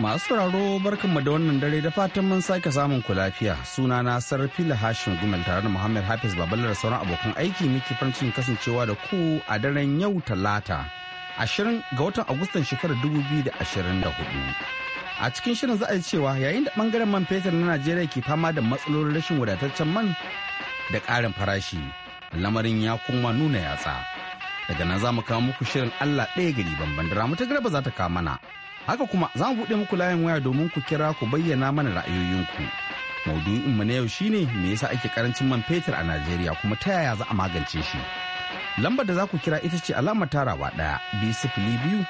Masu sauraro barkanmu da wannan dare da fatan mun sake samun ku lafiya. Suna na Sarfila Hashim Gumel tare da Muhammad Hafiz Babalar sauran abokan aiki miki farcin kasancewa da ku a daren yau Talata. ashirin ga watan Agustan shekarar 2024. a cikin shirin za a yi cewa yayin da bangaren man fetur na najeriya ke fama da matsalolin rashin wadataccen man da ƙarin farashi lamarin ya kuma nuna yatsa daga nan za mu kawo muku shirin allah ɗaya gari bambam da ramu ta garba za ta kawo mana Haka kuma za mu buɗe muku layin waya domin ku kira ku bayyana mana ra'ayoyinku. Maudu'in mu na yau shine me yasa ake karancin man fetur a Najeriya kuma ta yaya za a magance shi. Lambar da za ku kira ita ce alamar tarawa ɗaya biyu sifili biyu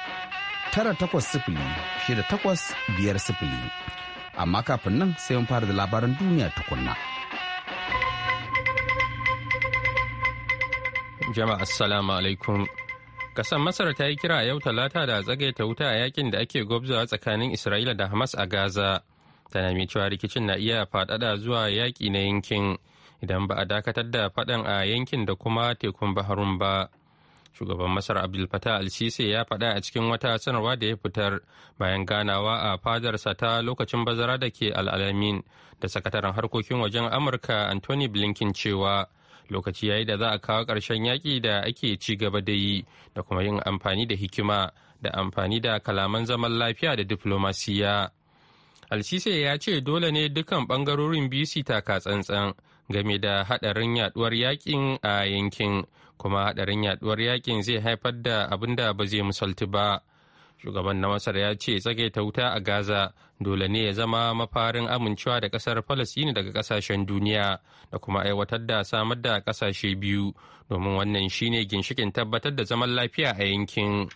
tara takwas sifili shida takwas biyar sifili. Amma kafin nan sai mun fara da labaran duniya tukunna. Jama'a assalamu alaikum. Kasan Masar ta yi kira a yau talata da tsagaita wuta a yakin da ake gwabzawa tsakanin Isra'ila da Hamas a Gaza. Tana mai cewa rikicin na iya faɗaɗa zuwa yaki na yankin idan ba a dakatar da faɗan a yankin da kuma tekun Baharun ba. Shugaban Masar Abdul Fattah al-Sisi ya faɗa a cikin wata sanarwa da ya fitar bayan ganawa a fadarsa ta lokacin bazara da ke al'alamin da sakataren harkokin wajen Amurka Anthony Blinken cewa lokaci yayi da za a kawo ƙarshen yaƙi da ake ci gaba da yi da kuma yin amfani da hikima da amfani da kalaman zaman lafiya da diflomasiya. alsise ya ce dole ne dukkan ɓangarorin biyu su taka tsantsan game da haɗarin yaɗuwar yaƙin a yankin kuma haɗarin yaɗuwar yaƙin zai haifar da abin da ba zai misalti ba. shugaban na masar ya ce tsagaita wuta a gaza dole ne ya zama mafarin amincewa da kasar falasini daga kasashen duniya da kuma aiwatar da samar da kasashe biyu domin wannan shine ginshikin tabbatar da zaman lafiya a yankin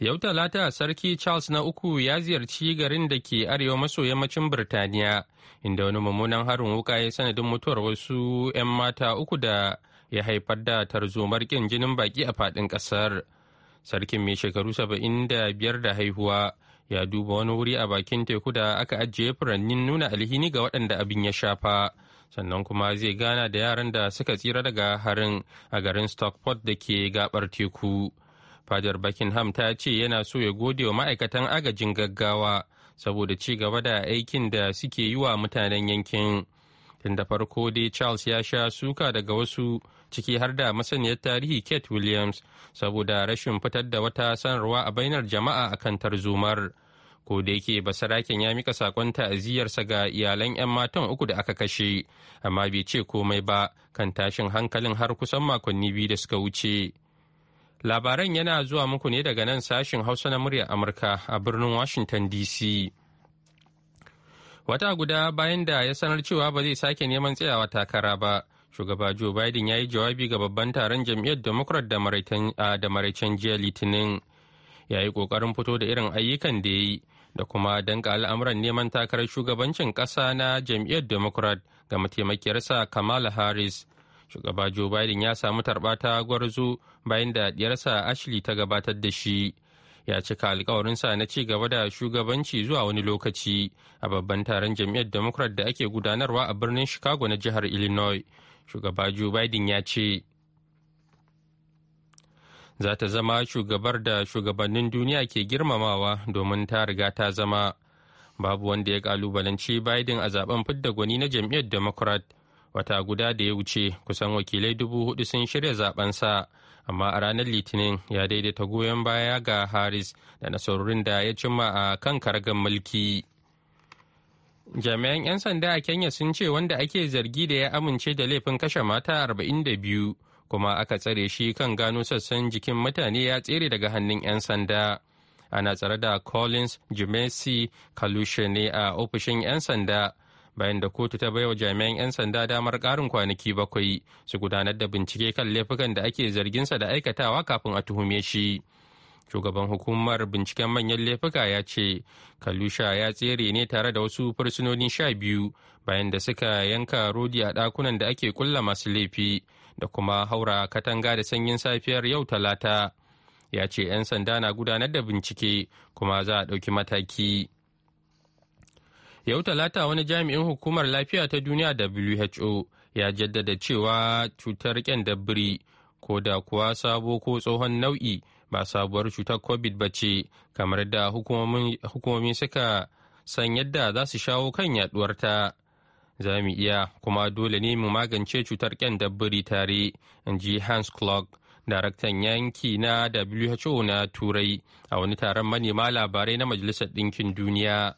yau talata sarki charles na uku ya ziyarci garin da ke arewa maso yammacin birtaniya inda wani mummunan harin wuka ya sanadin mutuwar wasu 'yan mata uku da ya haifar da tarzomar ƙin jinin baƙi a faɗin ƙasar sarkin mai shekaru da biyar da haihuwa ya duba wani wuri a bakin teku da aka ajiye furannin nuna alhini ga waɗanda abin ya shafa sannan kuma zai gana da yaran da suka tsira daga harin a garin stockport da ke gabar teku fadar buckingham ta ce yana so ya gode wa ma'aikatan agajin gaggawa saboda ci gaba da aikin da suke yi wa mutanen yankin tun da farko dai charles ya sha suka daga wasu ciki har da masaniyar tarihi Kate Williams saboda rashin fitar da wata sanarwa a bainar jama'a akan tarzomar. Ko da yake basaraken ya mika sakon ta'aziyarsa ga iyalan 'yan matan uku da aka kashe, amma bai ce komai ba kan tashin hankalin har kusan makonni biyu da suka wuce. Labaran yana zuwa muku ne daga nan sashin Hausa na muryar Amurka a birnin Washington DC. wata guda bayan da ya sanar cewa ba zai sake neman tsayawa takara ba shugaba joe biden ya yi jawabi ga babban taron jam'iyyar democrat da maraicen jiya litinin ya yi kokarin fito da irin ayyukan da ya yi da kuma danka al'amuran neman takarar shugabancin kasa na jam'iyyar democrat ga mataimakiyarsa kamala harris shugaba joe biden ya samu tarba ta gwarzo bayan da diyarsa ashley ta gabatar da shi ya cika alkawarinsa na ci gaba da shugabanci zuwa wani lokaci a babban taron jam'iyyar democrat da ake gudanarwa a birnin chicago na jihar illinois shugaba joe biden ya ce za ta zama shugabar da shugabannin duniya ke girmamawa domin ta riga ta zama babu wanda ya kalubalanci biden a zaben fidda gwani na jam'iyyar democrat wata guda da ya wuce kusan wakilai dubu hudu sun shirya zabensa amma a ranar litinin ya daidaita goyon baya ga harris da nasarorin da ya cimma a kan karagar mulki. jami'an 'yan sanda a kenya sun ce wanda ake zargi da ya amince da laifin kashe mata 42 kuma aka tsare shi kan gano sassan jikin mutane ya tsere daga hannun 'yan sanda ana tsare da collins jimesi kalushe ne a ofishin 'yan sanda bayan da kotu ta baiwa jami'an 'yan sanda damar karin kwanaki bakwai su gudanar da bincike kan laifukan da ake zarginsa da aikatawa kafin a tuhume shi. shugaban hukumar binciken manyan laifuka ya ce kalusha ya tsere ne tare da wasu fursunonin sha biyu bayan da suka yanka rodi a dakunan da ake kulla masu laifi da kuma haura katanga da sanyin safiyar yau talata ya ce 'yan sanda na gudanar da bincike kuma za a ɗauki mataki yau talata wani jami'in hukumar lafiya ta duniya who ya jaddada cewa cutar kyan dabbiri ko da kuwa sabo ko tsohon nau'i ba sabuwar cutar covid ba ce kamar da hukumomi suka san yadda za su shawo kan yaduwarta za mu iya kuma dole ne mu magance cutar ƙyan dabiri tare in ji hans clark daraktan yanki na who na turai a wani taron manema labarai na majalisar ɗinkin duniya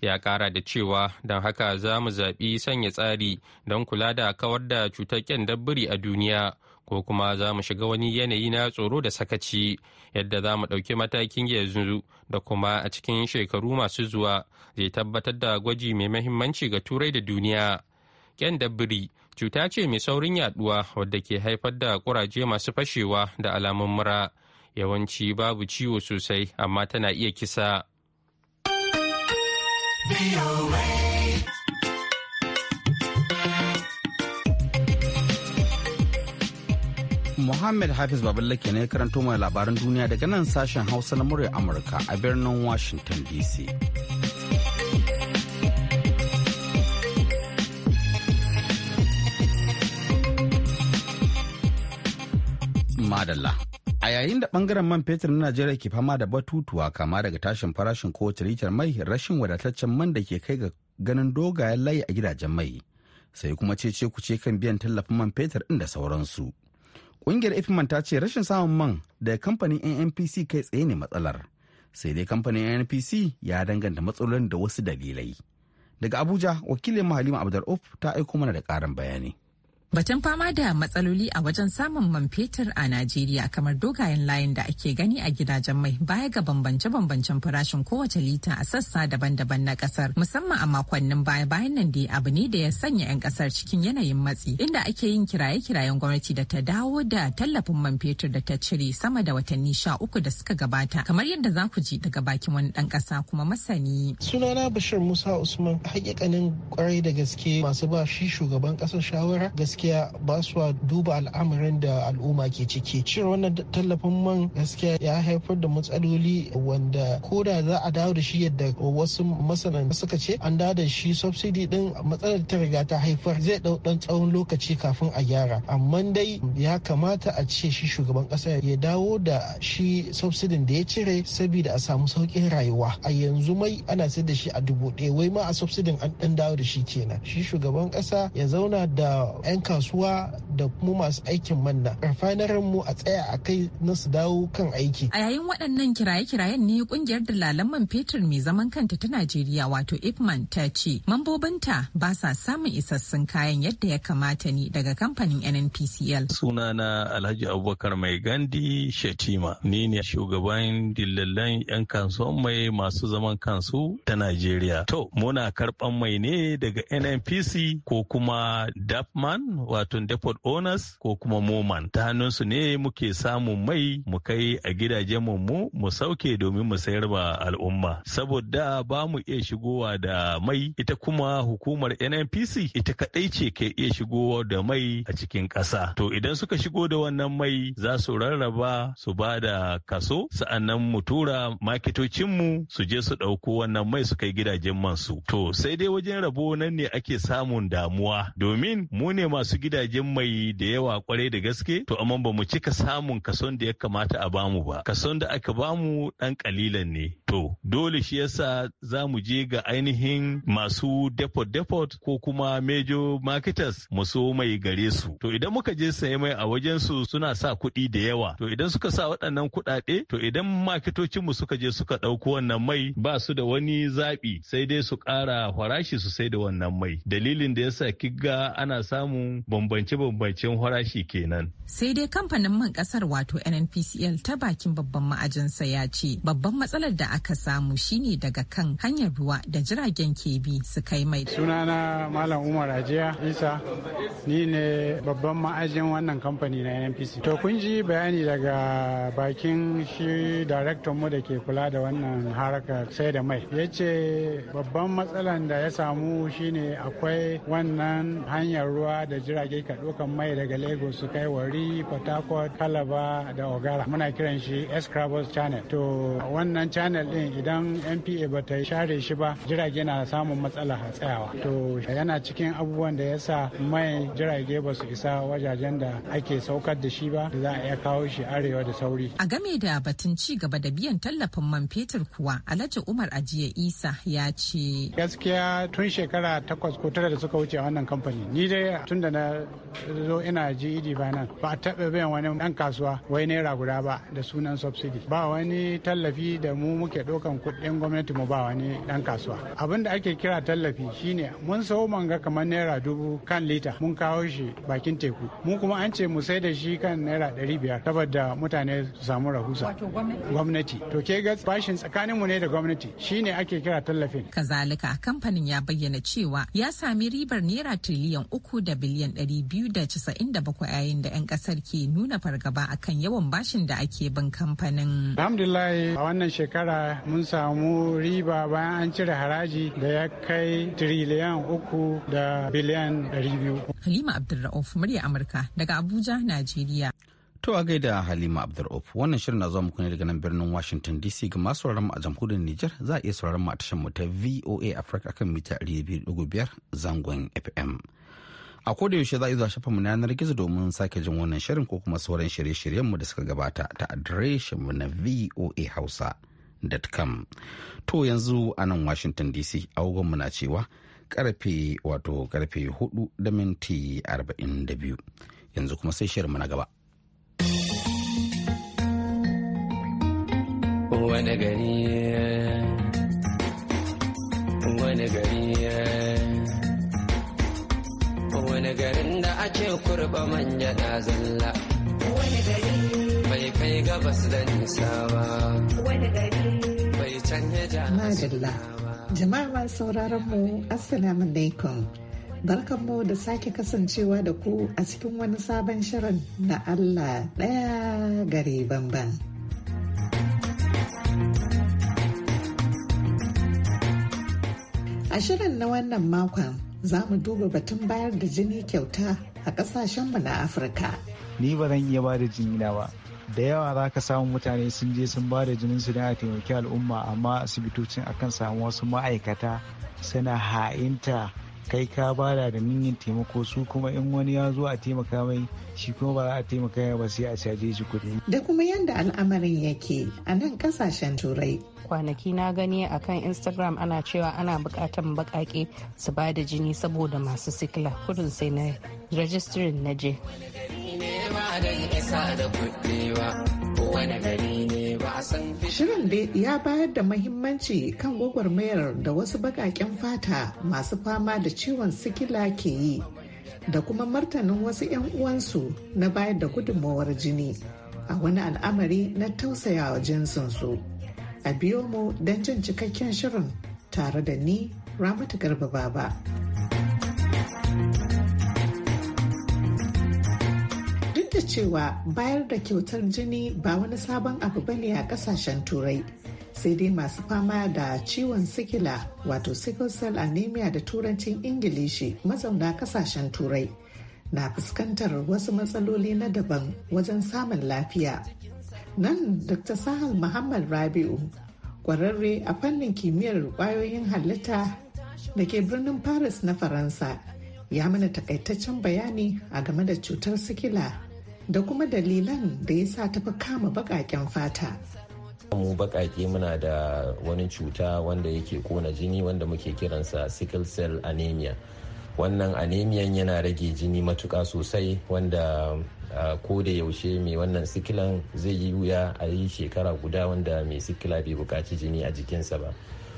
ya kara da cewa don haka za mu zaɓi sanya tsari don kula da kawar da cutar ƙyan dabbari a duniya ko kuma za mu shiga wani yanayi na tsoro da sakaci yadda za mu ɗauki matakin yanzu da kuma a cikin shekaru masu zuwa zai tabbatar da gwaji mai mahimmanci ga turai da duniya ƙyan dabbiri cuta ce mai saurin yaduwa wadda ke haifar da kuraje masu fashewa da alamun mura yawanci babu ciwo sosai amma tana iya kisa. Muhammad Hafiz Babalake ne karanto mai labaran duniya daga nan sashen Hausa na murya Amurka a birnin Washington DC. Madalla. A yayin da bangaren man fetur na Najeriya ke fama da batutuwa kama daga tashin farashin kowace litar mai rashin wadataccen man da ke kai ga ganin dogayen layi a gidajen mai. Sai kuma cece ku ce kan biyan tallafin man fetur ɗin da sauransu. Ƙungiyar ifman ta ce rashin samun man da kamfanin NNPC kai tsaye ne matsalar. Sai dai kamfanin NNPC ya danganta matsalolin da wasu dalilai. Daga Abuja, wakilin Mahalima Abdulrauf ta aiko mana da ƙarin bayani. Batun fama da matsaloli a wajen samun man fetur a Najeriya kamar dogayen layin da ake gani a gidajen mai baya ga bambance-bambancen farashin kowace lita a sassa daban-daban na kasar musamman a makonnin baya-bayan nan da abu ne da ya sanya 'yan kasar cikin yanayin matsi inda ake yin kiraye-kirayen gwamnati da ta dawo da tallafin man fetur da ta cire sama da watanni sha uku da suka gabata kamar yadda za ku ji daga bakin wani dan kasa kuma masani. Sunana Bashir Musa Usman hakikanin kwarai da gaske masu ba shi shugaban kasar shawara gaske gaskiya ba su duba al'amarin da al'umma ke ciki cire wannan tallafin man gaskiya ya haifar da matsaloli wanda ko da za a dawo da shi yadda wasu masana suka ce an dawo da shi subsidy din matsalar ta riga ta haifar zai dau dan tsawon lokaci kafin a gyara amma dai ya kamata a ce shi shugaban kasa ya dawo da shi subsidin da ya cire saboda a samu saukin rayuwa a yanzu mai ana sayar da shi a dubu ɗaya wai ma a subsidin an dan dawo da shi kenan shi shugaban kasa ya zauna da 'yan kasuwa da kuma masu aikin manna rafanarin mu a tsaya a kai na su dawo kan aiki a yayin waɗannan kiraye-kirayen ne kungiyar dalalan man fetur mai zaman kanta ta najeriya wato ipman ta ce mambobinta ba sa samun isassun kayan yadda ya kamata ne daga kamfanin nnpcl sunana alhaji abubakar mai gandi shetima ni ne shugaban dillallan yan kasuwan mai masu zaman kansu ta najeriya to muna karɓan mai ne daga nnpc ko kuma dapman wato depot owners ko kuma moman ta hannunsu ne muke samun mai mu kai a gidajen mu mu sauke domin mu sayar ba al'umma saboda ba mu iya shigowa da mai ita kuma hukumar nnpc ita kadai ce ke iya shigowa da mai a cikin ƙasa to idan suka shigo da wannan mai za su rarraba su ba da kaso sa'annan mu tura maketocinmu su je su ɗauko wannan mai su kai gidajen mansu to sai dai wajen rabo nan ne ake samun damuwa domin mu ne masu wasu gidajen mai da yawa kwarai da gaske to amma ba mu cika samun kason da ya kamata a bamu ba kason da aka bamu dan kalilan ne to dole shi yasa za mu je ga ainihin masu depot depot ko kuma major marketers mu so mai gare su to idan muka je saye mai a wajen su suna sa kuɗi da yawa to idan suka sa waɗannan kuɗaɗe to idan makitocin mu suka je suka ɗauko wannan mai ba su da wani zaɓi sai dai su ƙara farashi su sai da wannan mai dalilin da yasa kiga ana samun bambance-bambancen farashi kenan. Sai dai kamfanin man kasar wato NNPCL ta bakin babban ma'ajinsa ya ce babban matsalar da aka samu shine daga kan hanyar ruwa da jiragen kebi su kai mai. Sunana Malam Umar Ajiya Isa ni ne babban ma'ajin wannan kamfani na NNPC. To kun ji bayani daga bakin shi daraktan mu da ke kula da wannan haraka sai da mai. Ya ce babban matsalar da ya samu shine akwai wannan hanyar ruwa da jirage ka dokan mai daga Lagos su kai wari, Port kalaba da Ogara. Muna kiran shi Escravos Channel. To wannan channel din idan NPA ba ta share shi ba jirage na samun matsala a tsayawa. To yana cikin abubuwan da yasa mai jirage ba su isa wajajen da ake saukar da shi ba da za a iya kawo shi arewa da sauri. A game da batun ci gaba da biyan tallafin man fetur kuwa Alhaji Umar Ajiya Isa ya ce. Gaskiya tun shekara takwas ko tara da suka wuce a wannan kamfani. Ni dai tun da na zo ina GED ba nan ba a taɓa biyan wani ɗan kasuwa wai naira guda ba da sunan subsidy ba wani tallafi da mu muke ɗaukan kuɗin gwamnati mu ba wani ɗan kasuwa abin da ake kira tallafi shine mun sau manga kamar naira dubu kan lita mun kawo shi bakin teku mu kuma an ce mu sai da shi kan naira ɗari biyar saboda mutane su samu rahusa gwamnati to ke ga bashin tsakanin mu ne da gwamnati shine ake kira tallafin kazalika kamfanin ya bayyana cewa ya sami ribar naira tiliyan uku da biliyan miliyan 297 yayin da 'yan kasar ke nuna fargaba akan yawan bashin da ake bin kamfanin. Alhamdulillah a wannan shekara mun samu riba bayan an cire haraji da ya kai triliyan uku da biliyan 200. Halima Abdulra'uf murya Amurka daga Abuja, Najeriya. To a gaida Halima Abdulra'uf wannan shirin na zuwa muku ne daga nan birnin Washington DC ga masu sauraron mu a jamhuriyar Nijar za a iya sauraron mu a tashar mu ta VOA Africa kan mita 200.5 zangon FM. a koda yaushe za a zuwa shafa mu yanar gizo domin sake jin wannan shirin ko kuma sauran shirye-shiryen mu da suka gabata ta adireshin mu na voahausa.com to yanzu a nan washington dc agogon mu na cewa karfe wato karfe 4 da minti 42 yanzu kuma sai shirin mu na gaba wani gari wani gari wani garin da ake kurba manya da zalla wani gari bai kai gabas da nisa ba wani gari bai canje jama'a jama'a ma sauraron mu assalamu alaikum Barkanmu da sake kasancewa da ku a cikin wani sabon shirin na Allah ɗaya gare banban. A shirin na wannan makon za mu duba batun bayar da jini kyauta a mu na Afirka. Ni ba zan iya ba da jini na ba. Da yawa za ka samu mutane sun je sun ba da jinin su don a taimaki al'umma amma asibitocin akan samu wasu ma'aikata suna ha'inta kai ka bada da minyan taimako su kuma in wani ya zo a taimaka mai shi kuma ba za a taimaka ba sai a caje shi kuɗi. Da kuma yadda al'amarin yake a nan kasashen turai. Kwanaki na gani a kan Instagram ana cewa ana buƙatan baƙaƙe su ba da jini saboda masu sikila kudin sai na rejistirin na je. wani gari ne Shirin dai ya bayar da mahimmanci kan gwagwarmayar da wasu baƙaƙen fata masu fama da ciwon sikila ke yi da kuma martanin wasu 'yan uwansu na bayar da gudunmawar jini a wani al'amari na tausayawa jinsinsu. A biyo mu don jin cikakken shirin tare da ni Ramatu Garba Baba. da cewa bayar da kyautar jini ba wani sabon abu bane a kasashen turai sai dai masu fama da ciwon sikila wato sickle cell anemia da turancin ingilishi mazauna kasashen turai na fuskantar wasu matsaloli na daban wajen samun lafiya nan dr sahal muhammad rabi'u kwararre a fannin kimiyyar kwayoyin halitta da ke birnin paris na faransa ya mana takaitaccen bayani a game da cutar sikila da kuma dalilan da ya sa tafi kama baƙaƙen fata. mu baƙaƙe muna da wani cuta wanda yake kona jini wanda muke kiransa sickle cell anemia wannan anemiyan yana rage jini matuƙa sosai wanda ko da yaushe mai wannan sikilan zai yi wuya a yi shekara guda wanda mai sikila bai bukaci jini a jikinsa ba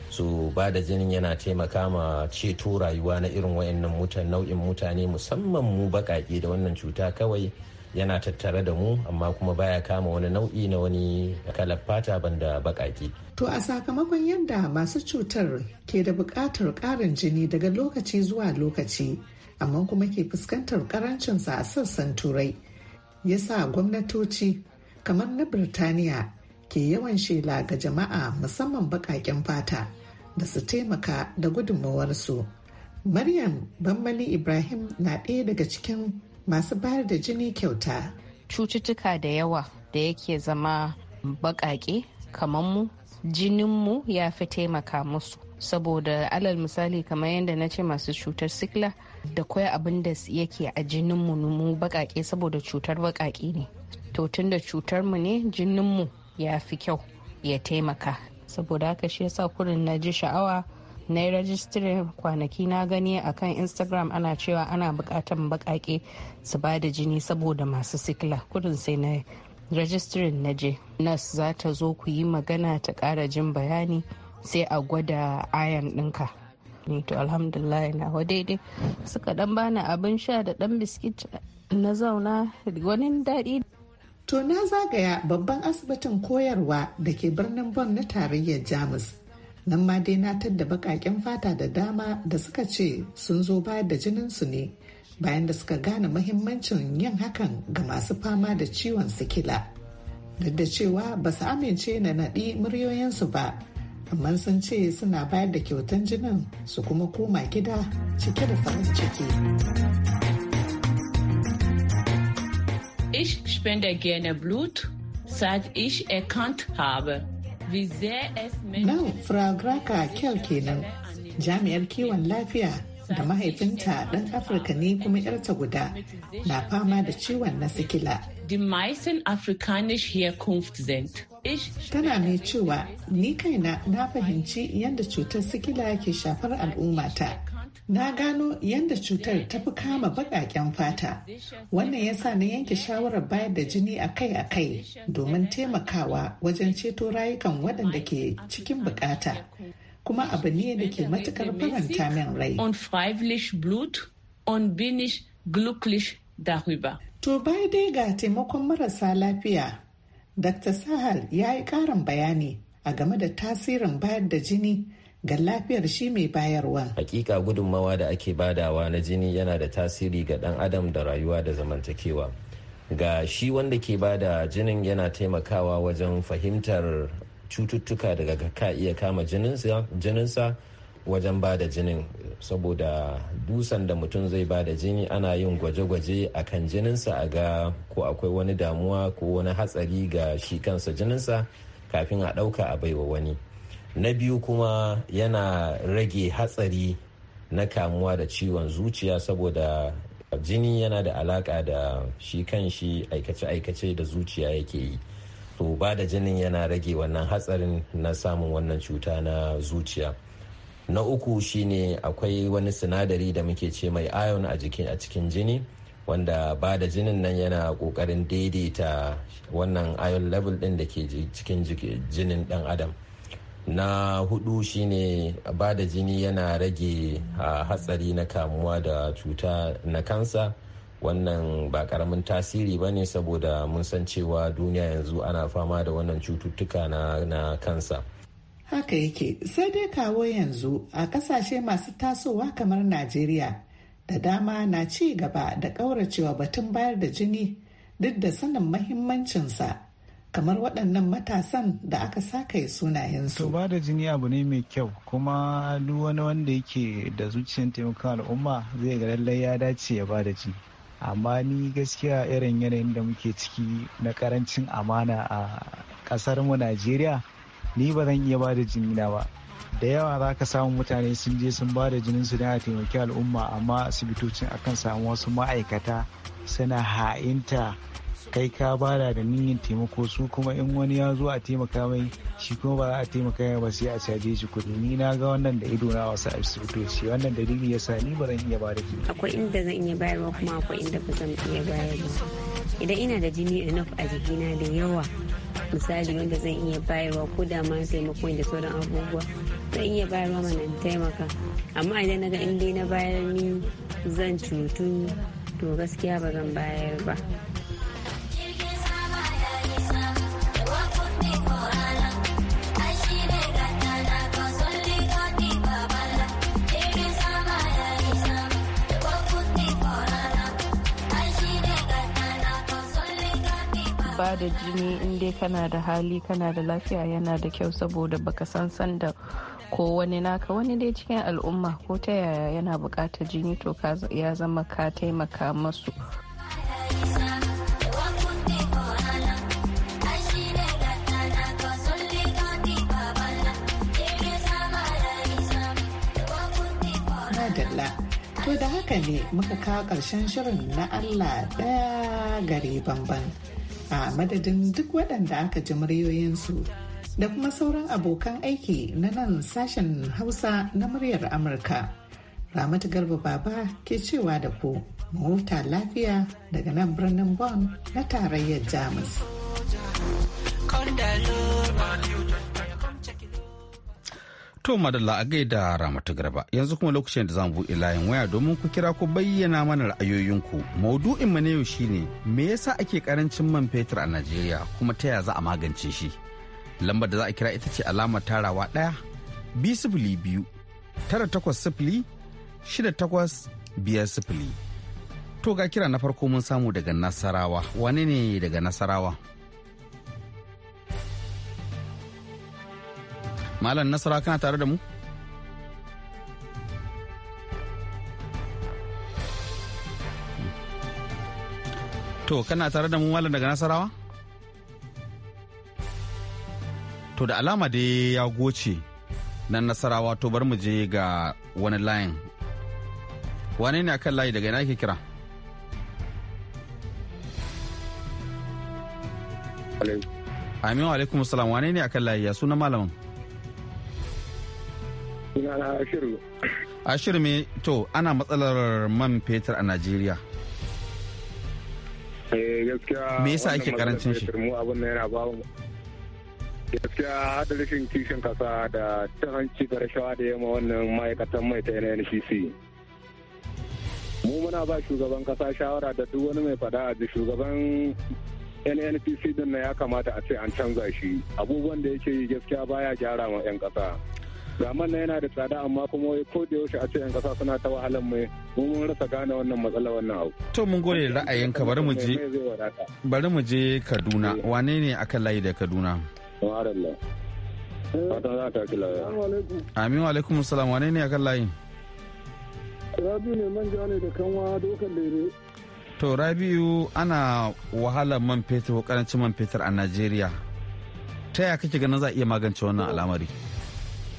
so ba da jinin yana taimaka ma ceto rayuwa na irin wayannan mutan nau'in mutane musamman mu baƙaƙe da wannan cuta kawai yana tattare da mu amma kuma baya kama wani nau'i na wani kalar fata banda bakaki. To a sakamakon yadda masu cutar ke da buƙatar ƙarin jini daga lokaci zuwa lokaci amma kuma ke fuskantar ƙarancinsa a sassan turai ya sa gwamnatoci kamar na Birtaniya ke yawan shela ga jama'a musamman baƙaƙen fata da su taimaka da gudunmawarsu. Maryam Bammali Ibrahim na ɗaya daga cikin masu bayar da jini kyauta. Cututtuka da yawa da yake zama baƙaƙe kamar mu jininmu ya fi taimaka musu. saboda alal misali kamar yadda na ce masu cutar sikla da kwai abin da yake a jininmu mu baƙaƙe saboda cutar baƙaƙe ne to tun da mu ne jininmu ya fi kyau ya taimaka saboda haka shi yasa kurin na ji sha'awa na yi rajistirin kwanaki na gani akan instagram ana cewa ana bukatan bakake su ba da jini saboda masu sikila kudin sai na rajistirin na je nas za ta zo ku yi magana ta kara jin bayani sai a gwada ayan ɗinka ni to alhamdulillah na wa daidai suka dan bani abin sha da dan biskit na zauna wani daɗi to na zagaya babban asibitin koyarwa da ke birnin bon na tarayyar jamus nan ma dai na da baƙaƙen fata da dama da suka ce sun zo bayar da jininsu ne bayan da suka gane mahimmancin yin hakan ga masu fama da ciwon sikila duk da cewa ba su amince na naɗi muryoyinsu ba amma sun ce suna bayar da kyautan jinin su kuma koma gida cike da farin ciki Ich spende gerne Blut, seit ich erkannt habe. Nan Fragraka kyau kenan jami'ar kiwon lafiya da mahaifinta ɗan Afirka ne kuma 'yarta guda na fama da ciwon na sikila. Tana mai cewa ni kaina na fahimci yadda cutar sikila ke shafar al'ummata. na gano yadda cutar ta fi kama baƙaƙen fata wannan ya sa na yanke shawarar bayar da jini akai-akai domin taimakawa wajen ceto rayukan waɗanda ke cikin buƙata, kuma abu ne da ke matukar faranta min rai to bai dai ga taimakon marasa lafiya dr sahal ya yi ƙarin bayani a game da tasirin bayar da jini ga lafiyar shi mai bayarwa. Hakika gudunmawa da ake badawa na jini yana da tasiri ga ɗan adam da rayuwa da zamantakewa. Ga shi wanda ke bada jinin yana taimakawa wajen fahimtar cututtuka daga ka iya kama jininsa wajen bada jinin saboda dusan da mutum zai bada jini ana yin gwaje-gwaje a kan jininsa a ga ko akwai wani damuwa ko wani hatsari ga shi kansa jininsa kafin a ɗauka a baiwa wani. na biyu kuma yana rage hatsari na kamuwa da ciwon zuciya saboda jini yana da alaka da shi kan shi aikace-aikace da zuciya yake yi to ba da jinin yana rage wannan hatsarin na samun wannan cuta na zuciya na uku shine akwai wani sinadari da muke ce mai iron a jikin a cikin jini wanda ba da jinin nan yana kokarin daidaita wannan iron level din da ke cikin jinin dan adam na hudu shine ba da jini yana rage hatsari na kamuwa da cuta na kansa wannan ba karamin tasiri ba ne saboda mun san cewa duniya yanzu ana fama da wannan cututtuka na, na kansa haka yake sai dai kawo yanzu a kasashe masu tasowa kamar najeriya da dama na ci gaba da kauracewa batun bayar da jini duk da sanin mahimmancinsa kamar waɗannan matasan da aka saka sunayensu. To ba da jini abu ne mai kyau kuma duk wani wanda yake da zuciyar taimakon al'umma zai ga lallai ya dace ya ba da jini. Amma ni gaskiya irin yanayin da muke ciki na karancin amana a ƙasar mu Najeriya ni ba zan iya bada jini na ba da yawa za ka samu mutane sun je sun ba da jininsu su a taimaki al'umma amma asibitocin akan samu wasu ma'aikata suna ha'inta kai ka bada da niyyar taimako su kuma in wani ya zo a taimaka mai shi kuma ba za a taimaka mai ba sai a caje shi kudi ni na ga wannan da ido na wasu asibitoci wannan dalili ya sa ni ba zan iya bada akwai inda zan iya bayarwa kuma akwai inda ba zan iya bayarwa idan ina da jini enough a jikina da yawa misali wanda zan iya bayarwa ko da ma taimako da sauran abubuwa zan iya bayarwa mana taimaka amma idan na ga in dai na bayar ni zan cutu to gaskiya ba zan bayar ba da jini in dai kana da hali kana da lafiya yana da kyau saboda baka san sanda ko wani naka wani dai cikin al'umma ko ta yaya yana bukatar jini to ya zama ka taimaka masu To da haka ne muka kawo ƙarshen shirin na Allah ɗaya gare bamban a madadin duk waɗanda aka ji muryoyinsu da kuma sauran abokan aiki na nan sashen hausa na muryar amurka ramatu garba baba ke cewa da ku mu lafiya daga nan birnin Bon na tarayyar jamus. To madalla a gaida ramatu garba yanzu kuma lokacin da zamu buɗe layin waya domin ku kira ku bayyana mana ra'ayoyinku. Maudu'in mu na yau shine me yasa ake karancin man fetur a Najeriya kuma ta yaya za a magance shi? Lambar da za a kira ita ce alamar tarawa ɗaya bi sifili biyu tara takwas sifili shida takwas biyar sifili. To ga kira na farko mun samu daga Nasarawa wane ne daga Nasarawa? malam nasara kana tare da mu to kana tare da mu malam daga nasarawa to da alama dai ya goce nan nasarawa to bar mu je ga wani layin wane ne akan layi daga ina ke kira Amin wa alaikum salam wane ne akan layi ya suna malamin sunana Ashiru. Ashiru to ana matsalar man fetur a Najeriya. Eh, me yasa ake karancin shi? gaskiya hada rashin kishin kasa da ta hanci da rashawa da yamma wannan ma'aikatan mai ta NNCC. Mu muna ba shugaban kasa shawara da duk wani mai fada a shugaban nnpc din na ya kamata a ce an canza shi abubuwan da yake yi gaskiya baya gyara ma 'yan kasa Raman nan yana da tsada amma kuma ko da yaushe a ce 'yan kasa suna ta wahalar mu mun rasa gane wannan matsala wannan abu. To mun gode da ra'ayinka bari mu je bari mu je Kaduna wane ne akan layi da Kaduna? Amin wa alaikum salam wane ne akan layi? Rabiu ne manja ne da kanwa dokan lere. To Rabiu ana wahalar man fetur ko karancin man fetur a Najeriya. Ta yaya kake ganin za a iya magance wannan al'amari?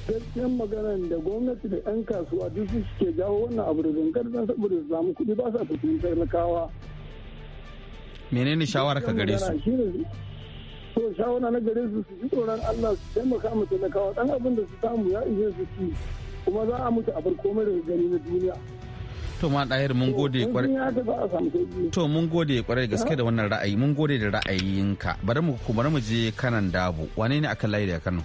gaskiyan maganan da gwamnati da 'yan kasuwa duk su ke jawo wannan abu da zangar don saboda su samu kuɗi ba sa fitun talakawa. menene shawara ka gare su to shawara na gare su su ji tsoron Allah su taimaka mu talakawa dan abin da su samu ya ishe su ci kuma za a mutu a bar komai da gani na duniya to ma ɗayar mun gode kwarai to mun gode kwarai gaske da wannan ra'ayi mun gode da ra'ayinka bari mu bari mu je kanan dabo wane ne aka layi da Kano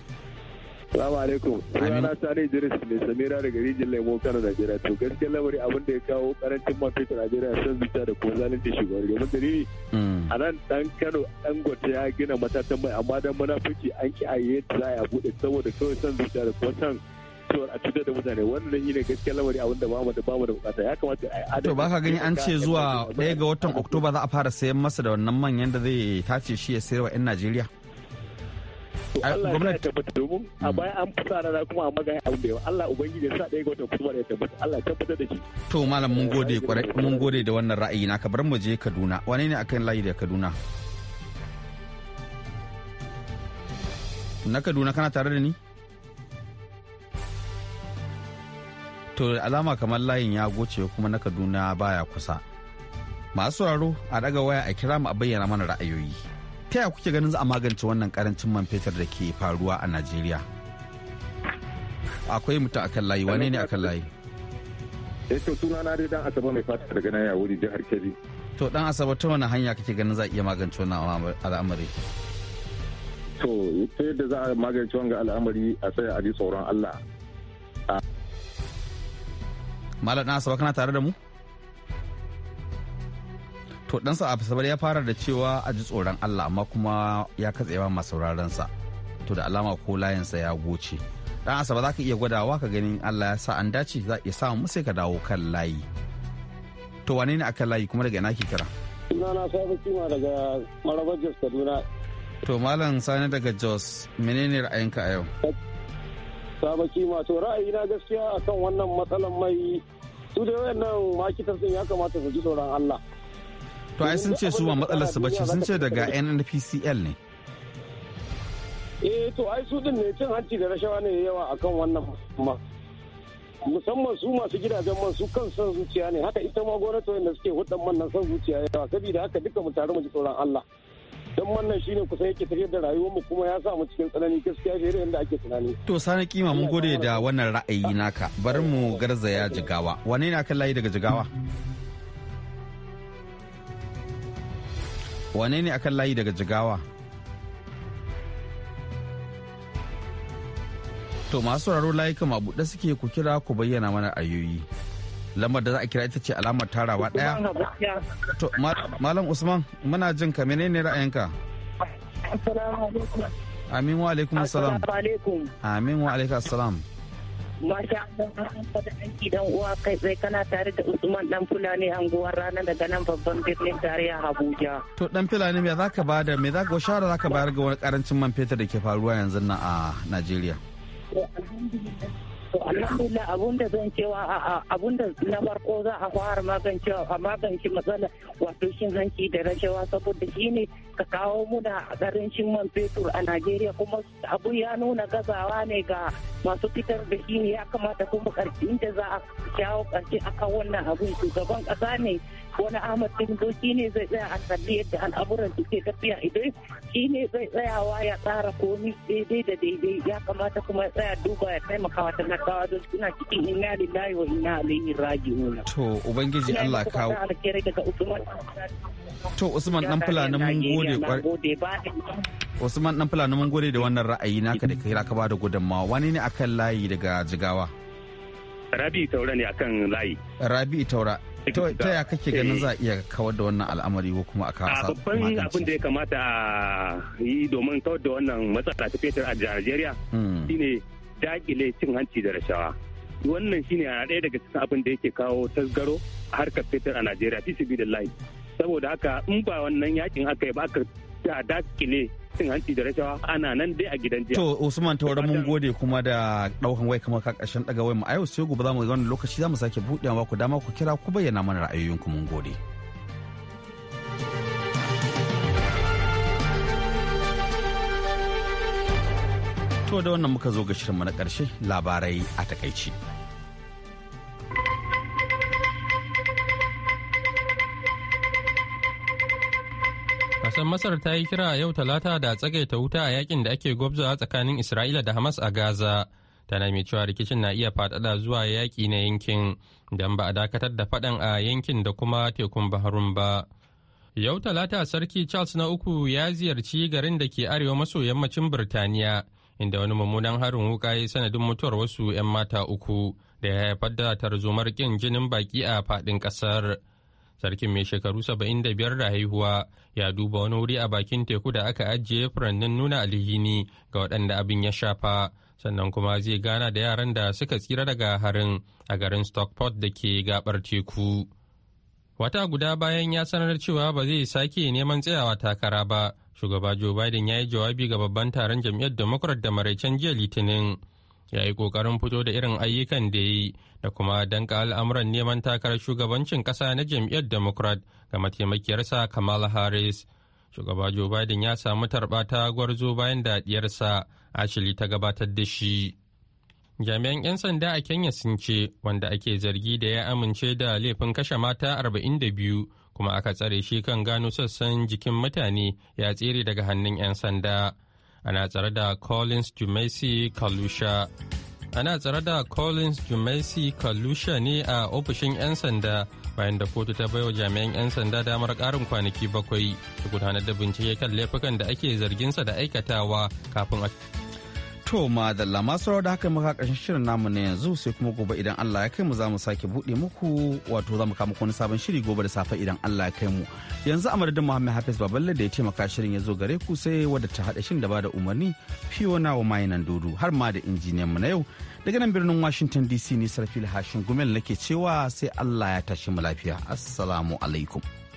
Salamu alaikum. Sunana Sani Idris ne Samira daga Rijin Lemo Kano Najeriya. To gaskiyar lamari abin da ya kawo karancin man fetur Najeriya son zuciya da kuma zalunci shugaban domin dalili. Hmm. A nan dan Kano dan Dangote ya gina matatan mai amma dan munafiki an ki aye ta za a buɗe saboda kawai son zuta da kuma san cewar a cutar da mutane wannan shine gaskiyar lamari abin da ba mu da ba mu da bukata ya kamata a to ba ka gani an ce zuwa ɗaya ga watan Oktoba za a fara sayan masa da wannan man yanda zai tace shi ya sayarwa 'yan Najeriya. Allah ya tabbata domin a hmm. baya an fasa rana kuma a magana abin da yawa Allah ubangiji ya sa ɗaya ga wata kuma ya tabbata Allah tabbata da shi to malam mun eh, gode kwarai mun gode da wannan ra'ayi na ka bar mu je Kaduna wane ne akan layi da Kaduna na Kaduna kana tare da ni to alama kamar layin ya goce kuma na Kaduna baya kusa masu sauraro a daga waya a kira mu a bayyana mana ra'ayoyi ta yaya kuke ganin za a magance wannan karancin man fetur da ke faruwa a najeriya akwai mutum akan layi wane ne akan layi eto eh, to suna na dai dan asaba mai fata daga nan yawuri jihar kebbi to dan asaba ta wani hanya kake ganin za a iya magance wannan al'amari to ta yadda za a magance wannan al'amari a tsaya a ji tsoron allah malam dan asaba kana tare da mu to ɗansa asabar ya fara da cewa a ji tsoron allah amma kuma ya katsewa masu sa to da alama ko layinsa ya goce dan asaba za ka iya gwadawa ka ganin allah ya sa an dace za sa samu sai ka dawo kan layi to wane ne akan layi kuma daga ina ke kira sunana sabu kima daga marabar jos kaduna to malam sani daga jos menene ra'ayinka a yau Sabu kima to ra'ayi na gaskiya akan wannan matsalan mai su da wayannan makitar sun ya kamata su ji tsoron Allah to ai sun ce su ba matsalar su bace sun ce daga nnpcl ne eh to ai su din ne cin hanci da rashawa ne yawa akan wannan musamman su masu gidajen man su kan son zuciya ne haka ita ma gwamnati wanda suke hudan man nan son zuciya yawa saboda haka duka mu tare mu ji tsoron Allah dan wannan shine kusan yake tafiyar da rayuwar mu kuma ya sa mu cikin tsanani gaskiya fiye da yadda ake tunani to sani kima mun gode da wannan ra'ayi naka bari mu garzaya jigawa wane ne kan layi daga jigawa wane ne akan layi daga jigawa to masu sauraro layuka mabuɗe suke ku kira ku bayyana mana ayoyi lambar da za a kira ita ce alamar tarawa ɗaya to malam usman muna jin ka menene ra'ayinka amin wa alaikum salam amin wa alaikum salam Masha Allah an fada aiki dan uwa kai tsaye kana tare da Usman dan Fulani anguwar ranar daga nan babban birnin tarayya Abuja. To dan Fulani me zaka bada me zaka shawara zaka bayar ga wani karancin man fetur da ke faruwa yanzu nan a Najeriya? To alhamdulillah da zan cewa da na farko za a fara magance a magance matsalar wato shin hanci da rashawa saboda shi ne ka kawo muna karancin man fetur a Najeriya kuma abu ya nuna gazawa ne ga masu fitar da shi ne ya kamata kuma karfi da za a karfi a kan wannan abun shugaban kasa ne wani ahmad tinubu shi ne zai tsaya a kalli yadda al'amuran ke tafiya idan shi ne zai tsayawa ya tsara komi daidai da daidai ya kamata kuma ya tsaya duba ya taimaka wa talakawa don suna cikin ina lillahi wa inna raji nuna to ubangiji Allah kawo to usman dan fulani mun gode usman dan fulani mun gode da wannan ra'ayi naka da kai ka bada gudunmawa wani ne akan layi daga jigawa rabi taura ne akan layi rabi taura ta ya kake ganin eh. za a iya kawar da wannan al'amari ko kuma a kasa babban abin da ya kamata a yi domin kawar da wannan matsala ta fetur a Najeriya hmm. shine dakile cin hanci da rashawa wannan shine a ɗaya daga cikin abin da yake kawo tasgaro a harkar fetur a Najeriya fi saboda haka in ba wannan yakin aka yi ba aka dakile cin hanci da rashawa ana nan dai a gidan jiya. To Usman Taura mun gode kuma da daukan wai kamar ka ƙarshen daga wai mu a yau sai gobe za mu ga wannan lokaci za mu sake buɗewa ku dama ku kira ku bayyana mana ra'ayoyinku mun gode. To da wannan muka zo ga shirinmu na ƙarshe labarai a takaici. san Masar ta yi kira yau talata da tsagaita wuta a yakin da ake gwabzawa tsakanin Isra'ila da Hamas a Gaza. Tana mai cewa rikicin na iya faɗaɗa zuwa yaƙi na yankin don ba a dakatar da faɗan a yankin da kuma tekun Baharun ba. Yau talata sarki Charles na uku ya ziyarci garin da ke arewa maso yammacin Birtaniya inda wani mummunan harin wuka ya sanadin mutuwar wasu 'yan mata uku da ya haifar da tarzomar ƙin jinin baƙi a faɗin ƙasar. sarkin mai shekaru 75 da haihuwa ya duba wani wuri a bakin teku da aka ajiye furannin nuna alhini ga waɗanda abin ya shafa sannan kuma zai gana da yaran da suka tsira daga harin a garin stockport da ke gabar teku wata guda bayan ya sanar cewa ba zai sake neman tsayawa takara ba shugaba joe biden ya yi jawabi ga babban taron jam'iyyar democrat da maraicen jiya litinin ya yi kokarin fito da irin ayyukan da ya yi da kuma danka al'amuran neman takarar shugabancin kasa na jam'iyyar democrat ga mataimakiyarsa kamala harris shugaba joe biden ya samu tarba ta gwarzo bayan da diyarsa ashley ta gabatar da shi jami'an 'yan sanda a kenya sun ce wanda ake zargi da ya amince da laifin kashe mata 42 kuma aka tsare shi kan gano sassan jikin mutane ya tsere daga hannun 'yan sanda. ana tsare da collins jumaisi kalusha ana tsare da collins jumaisi kalusha ne a ofishin 'yan sanda bayan da kotu ta baiwa jami'an 'yan sanda damar karin kwanaki bakwai da gudanar da bincike kan laifukan da ake zarginsa da aikatawa kafin a To madalla masu da haka maka karshen shirin namu na yanzu sai kuma gobe idan Allah ya kai mu za mu sake buɗe muku wato za mu kama wani sabon shiri gobe da safe idan Allah ya kai mu. Yanzu a madadin Muhammad Hafiz Baballe da ya taimaka shirin ya zo gare ku sai wadda ta haɗa shin da bada da umarni Fiona wa mayinan dodo har ma da injiniyan mu na yau. Daga nan birnin Washington DC ni Sarfil Hashin Gumel nake cewa sai Allah ya tashi mu lafiya. Assalamu alaikum.